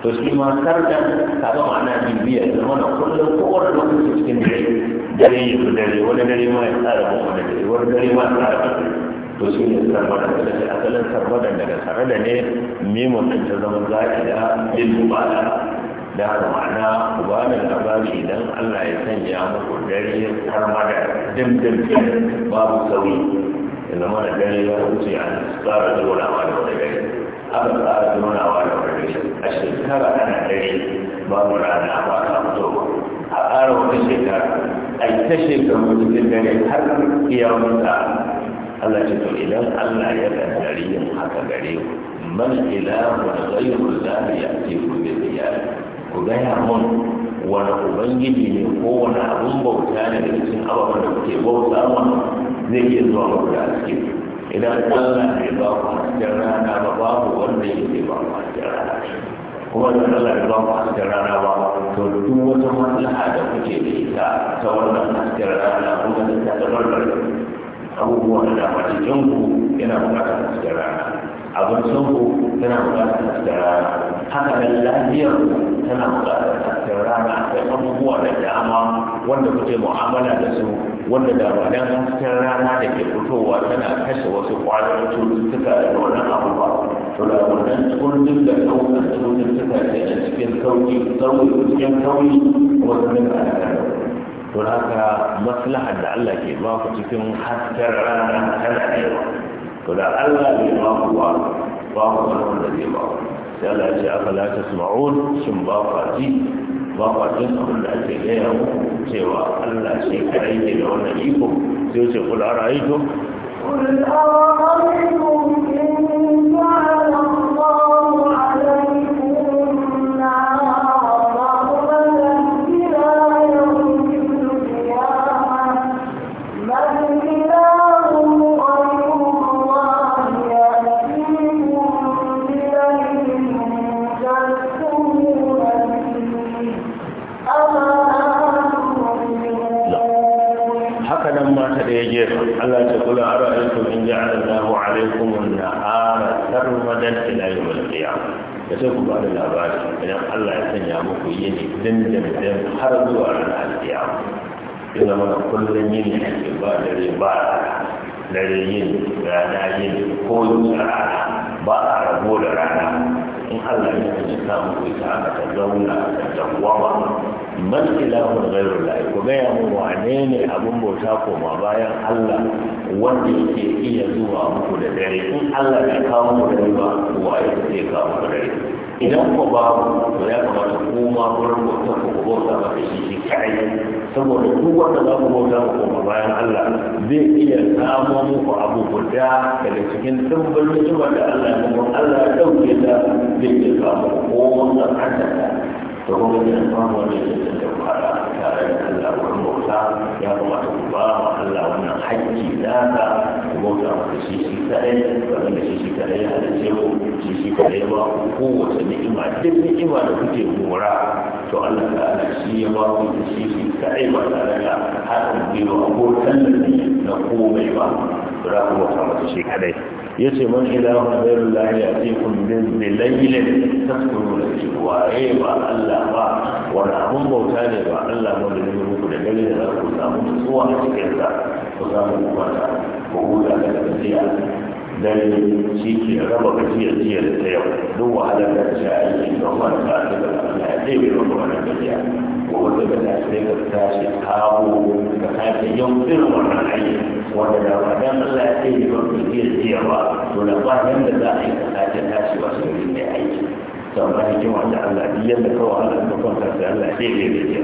to shi ma sarda ta ga ma'ana bibiya zama na kullum kowane lokacin cikin dare dare ya fi dare wani dare ma ya tsara kuma dare wani dare ma ya tsara kuma to su ne sarmada da shi asalin sarmada daga sarada ne mimun ɗin ta zama zaki da yin bala da ma'ana ubanin labari idan allah ya sanya muku dare sarmada dim dim babu sauyi yanzu mana da dare ya wuce an tsara tsorawa da wani gari, aka tsara tsorawa da wani dare a shekara ana dare babu rana ba ta fito ba a tsara wani shekara a yi ta shekaru cikin dare har kiyamun sa'a Allah ce to idan Allah ya kaddari yin haka gare ku man ilahu ghayru allahi ya'tiku bi dhiyar ku ga ya mun wani ubangiji ne ko wani abun bauta ne da cikin ababen da kuke bauta ma zai iya zuwa muku da haske idan Allah bai ba ku hasken rana ba ku wanda yake ba ku hasken rana kuma da Allah ya ba mu hasken rana ba to duk wata maslaha da kuke da ita ta wannan hasken rana kuma da ta tabarbar abubuwa da dama cikin ku yana buƙatar hasken rana abin son ku yana buƙatar hasken rana haka nan lafiyar tana buƙatar hasken rana da abubuwa da dama wanda kuke mu'amala da su wanda da ba dan hasken rana da ke fitowa tana kashe wasu ƙwayoyin cututtuka da wannan abubuwa wannan tsundun da ɗaukar tsundun suka ce a cikin sauƙi sauƙi cikin sauƙi wasu ne ba da to haka maslahar da Allah ke ba ku cikin hasken rana tana da yawa to da Allah bai ba ku ba ba ku wani wanda zai ba sai Allah ya ce afala tasma'un shin ba ku ji ba ku jin abin da ake gaya muku cewa Allah shi kadai ke da wannan iko sai ce kula ra'aytu قل أرأيتم إن dindindin har zuwa ranar alkiyama ina mana kullum yin ake ba dare ba dare yin rana yin ko yin rana ba a da rana in Allah ya kace ta muku ita aka ta zauna ta dawwama man ilahun ghairu lahi ko ga mu wane ne abin bauta koma bayan Allah wanda yake iya zuwa muku da dare in Allah ya kawo muku da ruwa wa ya kawo muku da dare idan ku ba to ya kamata ku ma gurin bauta ku ku bauta ba da shi kai saboda duk wanda za ku bauta ku kuma bayan Allah zai iya samo muku abu guda daga cikin dimbin ni'ima da Allah ya kuma Allah ya dauke da zai iya samu ko wanda kanta ta to kuma yana samu wani da ta fara tare da Allah gurin bauta ya kamata ku ba Allah wannan haƙƙi nasa bauta wa da shi shi kadai wannan da shi shi kadai ya halice ku shi shi kadai ba ku kowace ni'ima duk ni'ima da kuke mora to Allah ta'ala shi ya ba ku da shi shi kadai ba tare da haɗin gwiwa abokan da na komai ba to za ku mata masa shi kadai ya ce man ilahun zairun lahi a cikin ta taskuru da shi waye ba Allah ba wani abun bauta ne ba Allah ba da ne muku da gani da za ku samu tsuwa a cikin sa ku samu kuma ko huta da gajiya dan shi ke raba gajiya jiya da ta yau duk wahalar da ta aiki don wani ba ta da lafiya zai yi raba wannan gajiya ko wata da ta sai ka tashi kawo ka tashi yau irin wannan aiki wanda da wadan Allah ya ce ba ku iya jiya ba to na ba yanda za a yi ka tashi tashi wasu gari mai aiki sau da hikima da Allah duk yadda kawai Allah ta kwanta da Allah sai ya yi jiya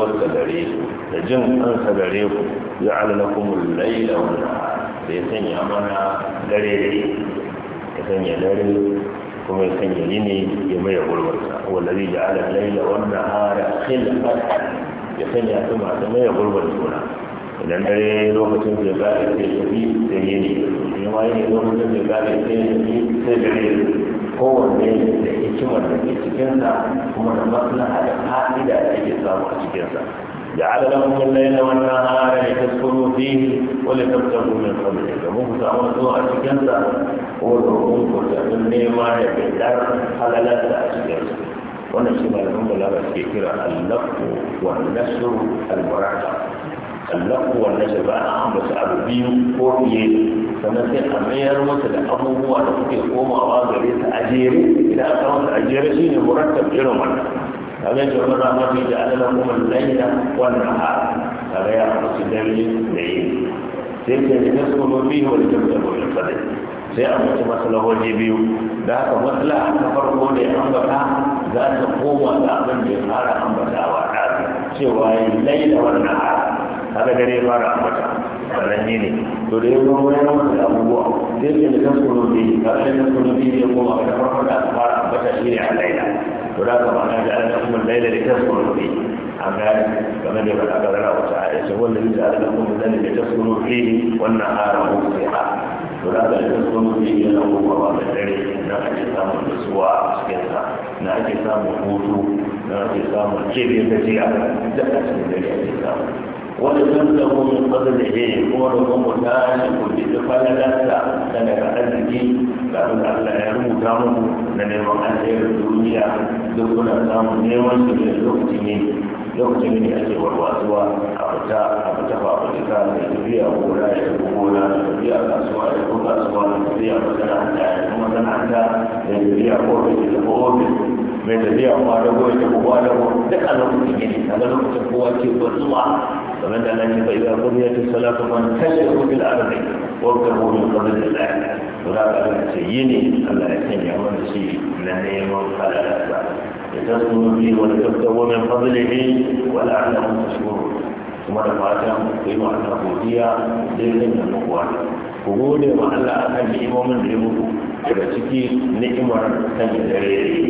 saduwarsa gare da jin kansa gare ku ya alalakumul laila wa da ya sanya mana ya sanya dare kuma ya sanya yini ya wallazi laila ya sanya su masu idan dare lokacin da za a ce yini ne ma yini lokacin da za a ce sai kowanne hikimar da ke cikinsa kuma da maslaha da fa'ida da ake samu a cikinsa جعل لكم الليل والنهار لتسكنوا فيه ولتبتغوا من فضله فمن تعمل سوء شكنت والرقوم كتابن نيما يبدر على لا تأشكنت ونشم الحمد لله بس كثيرا اللفظ والنشر المراجعه allahu wa shi ba an ambata abu biyu ko fiye sannan sai a mayar mata da abubuwa da suke komawa gare ta a idan aka mata a jere shi ne murattab irin wannan kaga yake wani ramadi da alala kuma laila wannan ha kaga ya musu dare da yi sai ke da nasu biyu wani jamsa gobe sadai sai a mutu maslahoji biyu da haka matsala ta farko da ya ambata za ta koma ga abin da ya fara ambatawa cewa ya laila wannan ha kaga dare ba da ambata sannan ne ne to da yin ruwa ya masa da abubuwa sai ke da kan sunan biyu kaga da kan sunan biyu ya koma ga farko da aka fara ambata shi ne a laila to da ka ma'ana da ana kuma laila da kan sunan biyu an gane game da faɗa kaza na wata aisha wanda yake da kuma da da kan sunan biyu wannan haram ko sai ha to da ka da kan sunan biyu yana komawa da dare na ake samun nutsuwa a cikin sa, na ake samun hutu na ake samun kebe ta jiya da ake da ake samun wani zan zama mun fasa da ke kuma da kuma ta hanyar kuli da fara lafiya da daga arziki da abin allah ya rubuta mu na neman an tsaye da duniya duk kuna samun neman su ne lokaci ne lokaci ne a ce warwatsuwa a fita a fita ba a fita da tafiya gona ya fi da tafiya kasuwa ya fi kasuwa da tafiya masana'anta ya fi da tafiya ofis ofis mai tafiya kuma da goyi da kuma da goyi duk a lokacin yake daga lokacin kowa ke bazuwa kamar da nan ba idan kuma ya ce salatu man kashe kubil arabi wa kabu min qabl al-ayat to da ka ce ne. Allah ya sanya mana shi na neman halala ya tasmu bi wa tasawwa min fadlihi wa la'allakum tashkurun kuma da fatan ku yi wa Allah godiya daidai da mukuwa ku gode wa Allah akan ni'imomin da ya mutu daga ciki ni'imar kan dare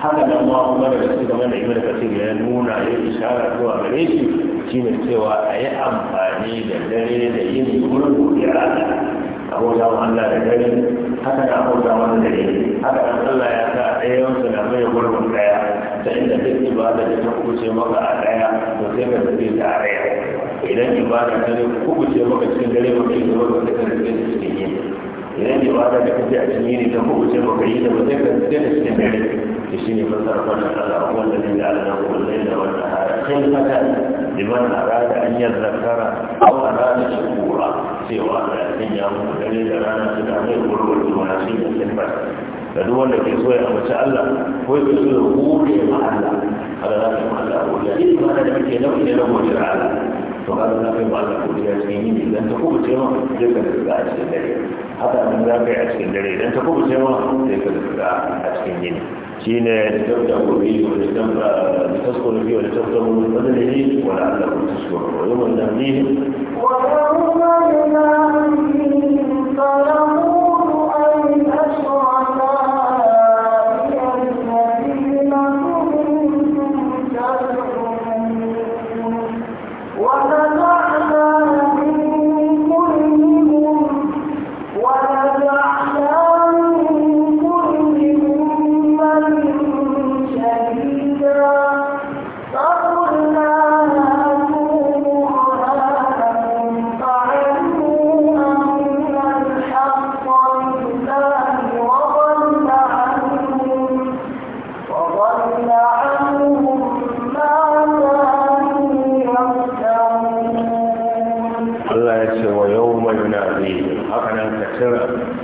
haka nan ma kuma da su game da ibada kasir ya nuna ya isharar zuwa gare shi shine cewa a yi amfani da dare da yin gurin godiya a wajen Allah da dare haka da abuja wani dare haka da Allah ya sa ɗaya wasu na mai gurbin ɗaya ta inda duk ibada da ta kuce maka a ɗaya to sai ka zabe ta a daya idan ibada ta ne kuce maka cikin dare maka yi zuwa ka ka zabe ta cikin yin idan ibada da kace a cikin yini ta kuce maka yi da ba sai ka zabe ta cikin dare shine masar wannan Allah wanda ne da Allah ko laila wa nahara khilfatan liman arada an yadhakkara aw arada shukura cewa Allah din ya mu dare da rana su da mai gurgurdu wa shi ne khilfat da duk wanda ke so ya amince Allah ko ya so ya gode ma Allah kada za ka mata godiya in ma da kake nau'i da godiya Allah to kada za ka yi ma Allah godiya cikin yini dan ta kuma ce ma zai ka da a cikin dare haka abin za ka yi a cikin dare idan ta kuma cewa sai ka zuba a cikin yini shi ne da ta gobe wani tamba da ta biyu wani tamba mun wani ne ne wani allah wani ta wani wannan ne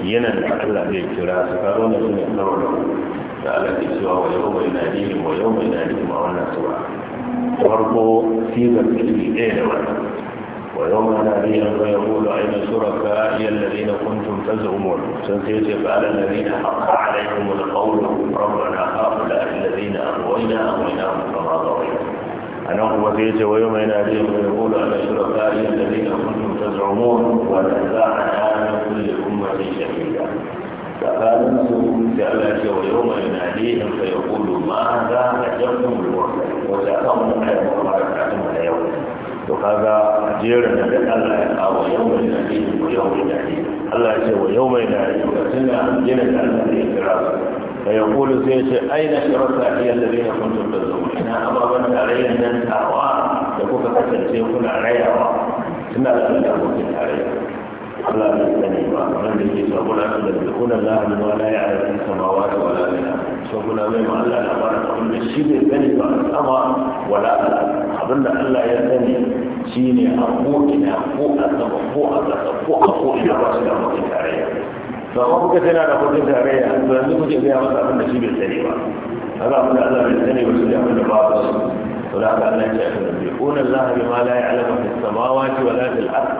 yana da Allah zai kira su ka zo na sune kawai da Allah ke cewa wa yau mai nadihim wa yau mai nadihim a wannan sura farko sigar iri ɗaya da wannan ويوم ناديهم فيقول أين شركائي الذين كنتم تزعمون سنتيجي فعل الذين حق عليهم القول ربنا هؤلاء الذين أغوينا أغويناهم كما anan kuma sai yace wayo mai yana da ya a ala shuraka'i alladhina kuntum taz'umun wa naza'na min kulli ummatin shahida tsakanin su da Allah ce wa yau mai na ne in ya qulu ma za a jabtu bil wahda wa za ka mun yau to da Allah ya Allah ya ce wa da فيقول سيش أين شركائي الذين كنتم تزورون؟ إنها أمرنا علي أن ننتهوا يقول فكسر سيكون علي سمع لا يكن علي ألا لا وأنا من به سبنا يدركون الله من ولا يعرف في السماوات ولا في الأرض سبنا مما لا نقرأ كل شيء بني الأمر ولا أظن ألا يستني شيني أقوى إن أقوى أتبقى أقوى أقوى أقوى إلى رسول الله عليه to amma kuka tana da kudin tarayya to yanzu kuke gaya masa abin da shi bai sani ba kaga abin da Allah bai sani ba su da abin da ba su to da Allah ya ce a kan bi kuna Allah bi ma la ya'lamu fis samawati wa la fil ard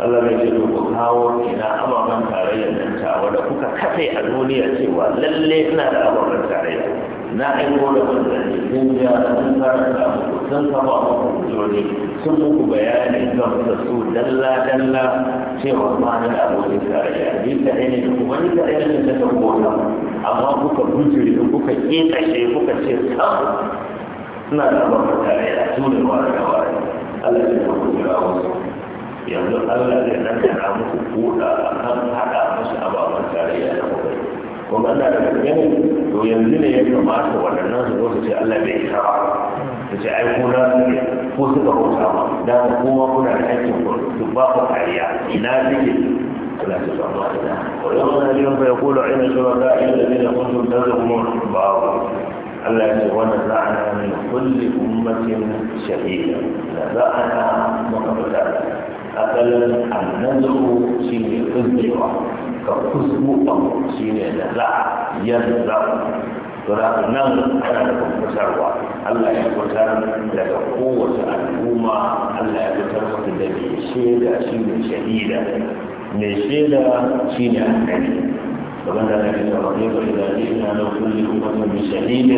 Allah bai ce ku kawo ina ababen tarayyar nan tawa da kuka kafe a duniya cewa lalle ina da ababen tarayya na aiko da mutane sun ja sun sarrafa sun saba muku jone sun muku bayanin kan da su dalla dalla cewa ma na abokin tarayya ni ta ne da kuma ni ta ne da ta gona amma kuka bujire kuka ke kekashe kuka ce samu suna da abokin tarayya su da wani da wani Allah ya kuma kujira wasu yanzu Allah zai nan da muku koda a kan haɗa musu ababen tarayya da kuma ko ba Allah da gaske ne to yanzu ne ya kamata waɗannan su zo su ce Allah bai isa ba su ce ai kuna ko suka bauta ma da kuma kuna da aikin ku su ba ku kariya ina suke فلا تسألوا ويوم اليوم فيقول أين شركائي الذين كنتم تزعمون بعض التي ونزعنا من كل أمة شهيدا نزعنا مقبلا أقل النزع شيء الزرع ka fusbu an shi ne da za yadda tura nan kan kusurwa Allah ya fitar daga kowace al'umma Allah ya fitar mata da mai shaida shi ne shahida mai shaida shi ne annabi ومن ذلك الرقيب إذا جئنا من كل أمة بشهيد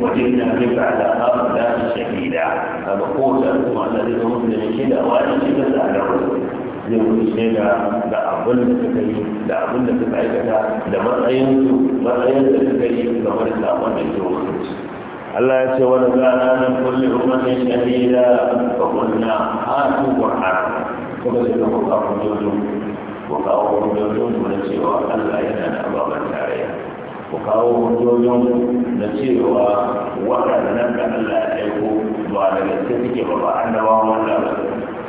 وجئنا بك على هؤلاء شهيدا فبقوة الأمة الذين هم من شهيدا وأنا شهيدا على الرسول zai kunshe da da abin da suka yi da abin da suka aikata da matsayin su matsayin da suka yi game da sabon da ke hukunci Allah ya ce wa da zana nan kulli ummatin shahida fa kunna hatu qur'an kuma sai ka kuka hujjojo ku kawo hujjojo na cewa Allah yana da ababen tarayya ku kawo hujjojo na cewa waɗannan da Allah ya aiko ba da gaske suke ba ba annabawan Allah ba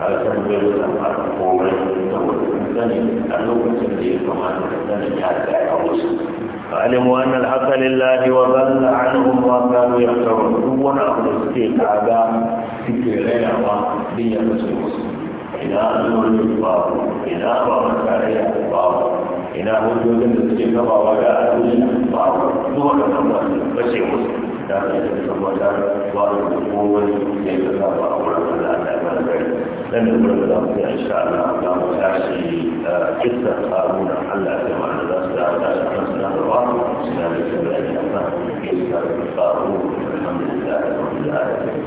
a san bai da kamata komai saboda sun sani a lokacin da ya kamata da sani ya tsaya wasu alimu an alhaka lillahi wa anhum ma kanu yaftarun duk wani abu da suke kaga suke rayawa din ya kace musu ina allolin babu ina ba makaraya babu ina hujjojin da suke kafawa da allolin babu duk wani abu da suke musu لن يكون لهم إن شاء الله لهم تاشي كثة قانون حلا كما أن الناس لا تاشي خمسنا بالواقع إسلام السبع الحمد كثة قانون الحمد لله رب العالمين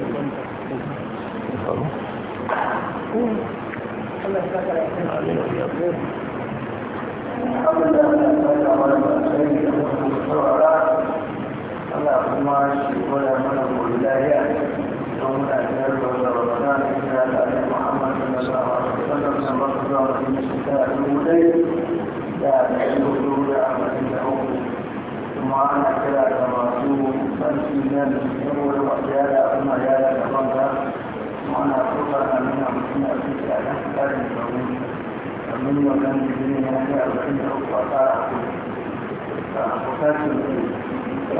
آمين وإياكم الحمد لله رب العالمين Allah kuma shi koda mana gobe lafiya don muna biyar da wanda wata ta da Muhammad sallallahu alaihi wasallam san ba ku zuwa wani shekara dubu ɗaya da ɗari hudu da arba'in da uku kuma ana kira da masu sanci nan saboda masu yada suna yada da banza kuma ana kuka na nuna mutum a cikin a kan tsarin domin domin wannan jirgin ya ce arba'in da uku a tsara kuka ce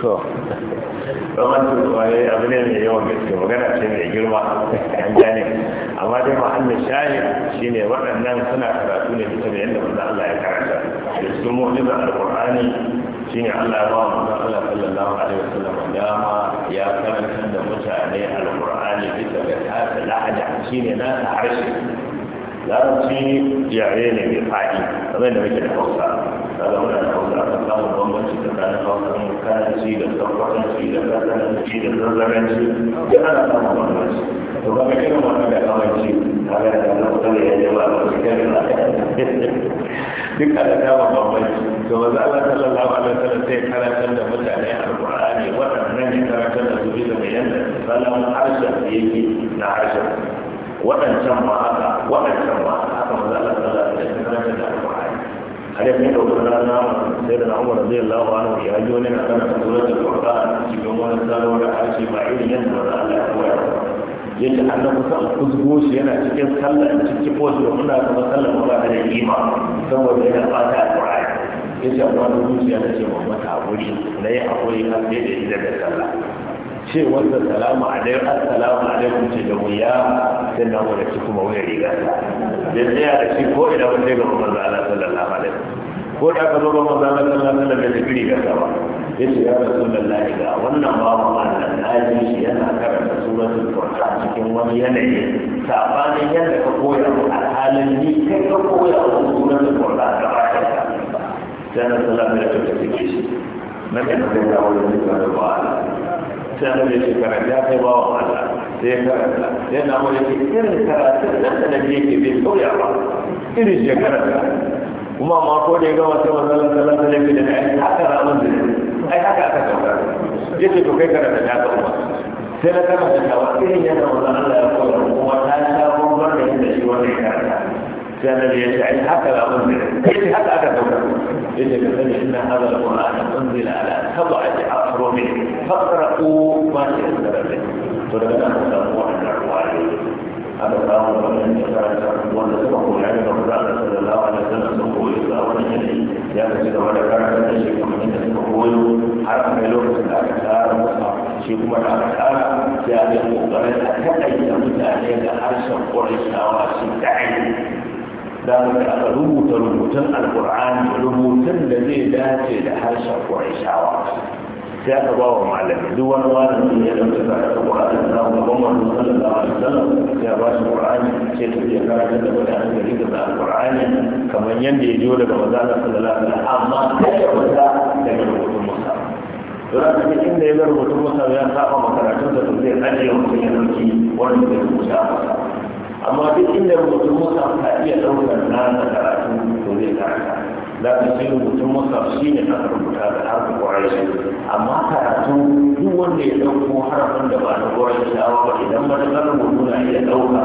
so roman tutsuwaye abu ne mai yawan gaske magana ce mai girma an gane amma dai ma'allin shahid shine waɗannan suna karatu ne bisa da yadda wanda Allah ya karanta da cikin mu'jiza alqur'ani shine Allah ya ba mu Allah sallallahu alaihi wasallam dama ya karanta da mutane al'ƙur'ani. bisa da tasa lahaja shine nasa harshe larabci yare ne mai faɗi kamar da muke da Hausa kaga muna da hausa aka samu bambanci tsakanin hausa mu karanci da sakwatanci da kasanci da zazzaranci duk ana samun bambanci to kaga irin wannan da kawanci kaga da na kusa da yaje ba ba cikin rana duk ana samun Allah alaihi wasallam Allah alaihi wasallam har yanzu da wata rana sai da na'umar zai lawa wani shi hajji wani na kan tura da kwakwa a cikin wani tsaro da harshe ba irin yadda da Allah ya koya ya ce an da kusan kuzgo shi yana cikin sallah cikin kotu da kuna kuma sallah ba ta da kima saboda yana fata a ƙwarai ya ce amma da zuciya ta ce mamata a wuri na yi a wuri har sai da ita da sallah ce wanda salamu alaikum assalamu alaikum ce da wuya sai na wanda ci kuma wuya riga da tsaya da shi ko ina wanda ga manzo Allah sallallahu alaihi ko da aka zo ga manzo Allah sallallahu alaihi da tafi riga ta ba yace ya da ga wannan babu Allah na ji shi yana karanta suratul furqan cikin wani yanayi sabanin yadda ka koya mu alhalin ni kai ka koya mu suratul furqan da ba ta sai na sallallahu alaihi da ya tafi shi na kan da wani da ba sai na da irin kuma ma ko da ya gama sai manzon Allah da haka ai haka aka sauka to kai karanta ka kuma sai na karanta ta wa irin ya koyar kuma ta sha bambar da shi wannan karanta sai annabi ya ce ai haka la unzila yace haka aka dauka yace ka sani inna hadha alqur'ana unzila ala sab'ati ahrumin faqra'u ma tayassara min to daga nan ka samu wannan ruwaye aka samu wannan ya karanta wanda suka koya daga Qur'ani sallallahu alaihi wasallam sun koyi da wannan yanayi ya kace da wanda karanta da shi kuma inda suka koyo har a kai lokacin da aka tsara musa shi kuma da aka tsara sai a yi kokarin a taƙaita mutane da harshen ƙwarai shawa shi ta'ayi da muka aka rubuta rubutun alkur'ani rubutun da zai dace da harshen ƙwarishawa sai aka ba wa malami duk wani malami ya ɗauka sa da ƙwarishin na gaban wani sallallahu alaihi wasallam ya ba shi ƙwarani ce ta je karanta da zama da mutanen gari da alkur'ani kamar yadda ya jiyo daga manzana sallallahu alaihi wasallam amma kada wata daga rubutun musa don haka duk inda ya ga rubutun musa ya saba makaratun da zai ajiye mutum ya ɗauki wani da rubuta masa amma duk inda mutum musa ka iya ɗaukar nasa karatu to zai karanta za ka sai mutum musa shi ne na karbuta da da kwarai amma karatu duk wanda ya dauko harafin da ba na kwarai da awa ba idan matuƙar rubutu na iya ɗauka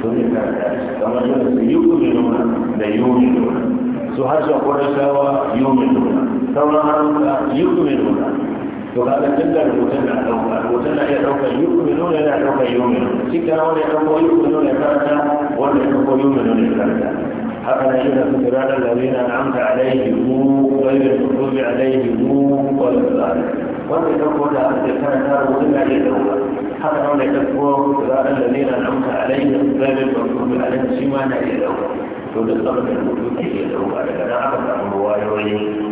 to zai karanta shi kamar yadda su yi kuma nuna da yuni nuna su harshen ƙwararshi shawa yuni nuna sauran harafin yi kuma nuna to kaga dukkan rubutun na ɗauka rubutun na iya ɗauka yu'minu ne na ɗauka yu'minu cikin wani ya ɗauko yu'minu ne karanta wanda ya ɗauko yu'minu ne karanta haka na yana su kira da lalina amta alaihi mu ghayr al-mghdubi alaihi mu wal dhalin wanda ya ɗauko da aka karanta rubutun na iya ɗauka haka na wanda ya wayoyi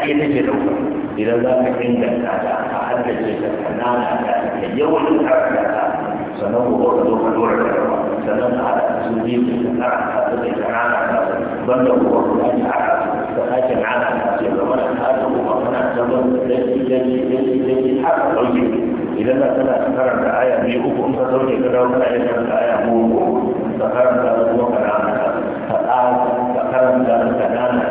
kaɗai take ɗauka idan za ka inganta ta a ce ta kanana ta da yawan karanta ta sannan ko ka zo ka dora da rawa sannan ka haɗa su biyu ka karanta ta da kanana ta banda ko ka sake haɗa ka sake nana ta ce ga mana ta ta kuma kana zaman daki daki daki daki har ka ɗauke idan na kana karanta aya biyu uku in ka sauke ka dawo kana yin karanta aya uku ka karanta kuma kanana ta ka karanta kanana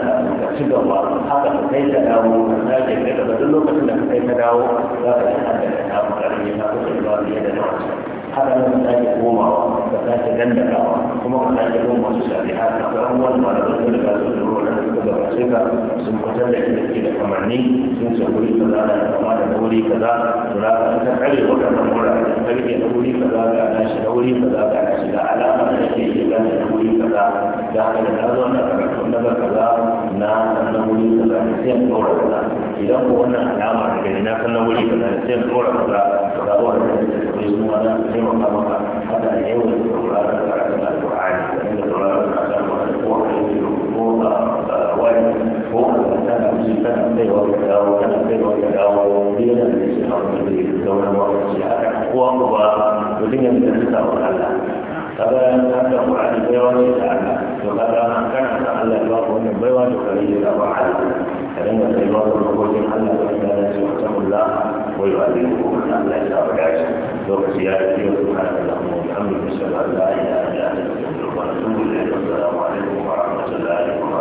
ci gaba haka ka kai ka dawo ka sake kai ka duk lokacin da ka kai ka dawo za ka yi hada da samun ƙarfi na kusa da babu yadda na wasu haka nan ka sake komawa ka sake dandakawa kuma ka sake komawa su shafi haka ka kuma wani malamai da ka zo da ruwan gabace ka sun fitar da ita ke da kamanni sun ce wuri kaza na kama da wuri kaza tura ka ta kare waɗannan da ta rike da wuri kaza ga na shi da wuri kaza ga na shiga alama da ke iya gane da wuri kaza da haka da na zo na karatu na ga kaza na sannan na wuri kaza da sai in ɗora kaza idan ko wannan alama da gani na sannan na wuri kaza da sai in ɗora kaza to ga wannan da ke da wuri kuma na taimaka maka haka da yawan da ko a tana ji tana kaiwa ka dawo tana kaiwa ka dawo ne yana da shi a wani da zaunar lokaci haka kowa kuwa mutum ya mutum ta wa Allah kaga haka Qur'ani baiwa ce da Allah to kaga kana san Allah ya baka wannan baiwa to kai ya ba Allah ka dinga kaiwa ga lokacin Allah da ya dace wa ta'ala wa yu'allimukum Allah ya saba dace lokaci ya yi wa subhanallahi wa bihamdihi sallallahu alaihi wa sallam wa assalamu alaikum wa rahmatullahi wa barakatuh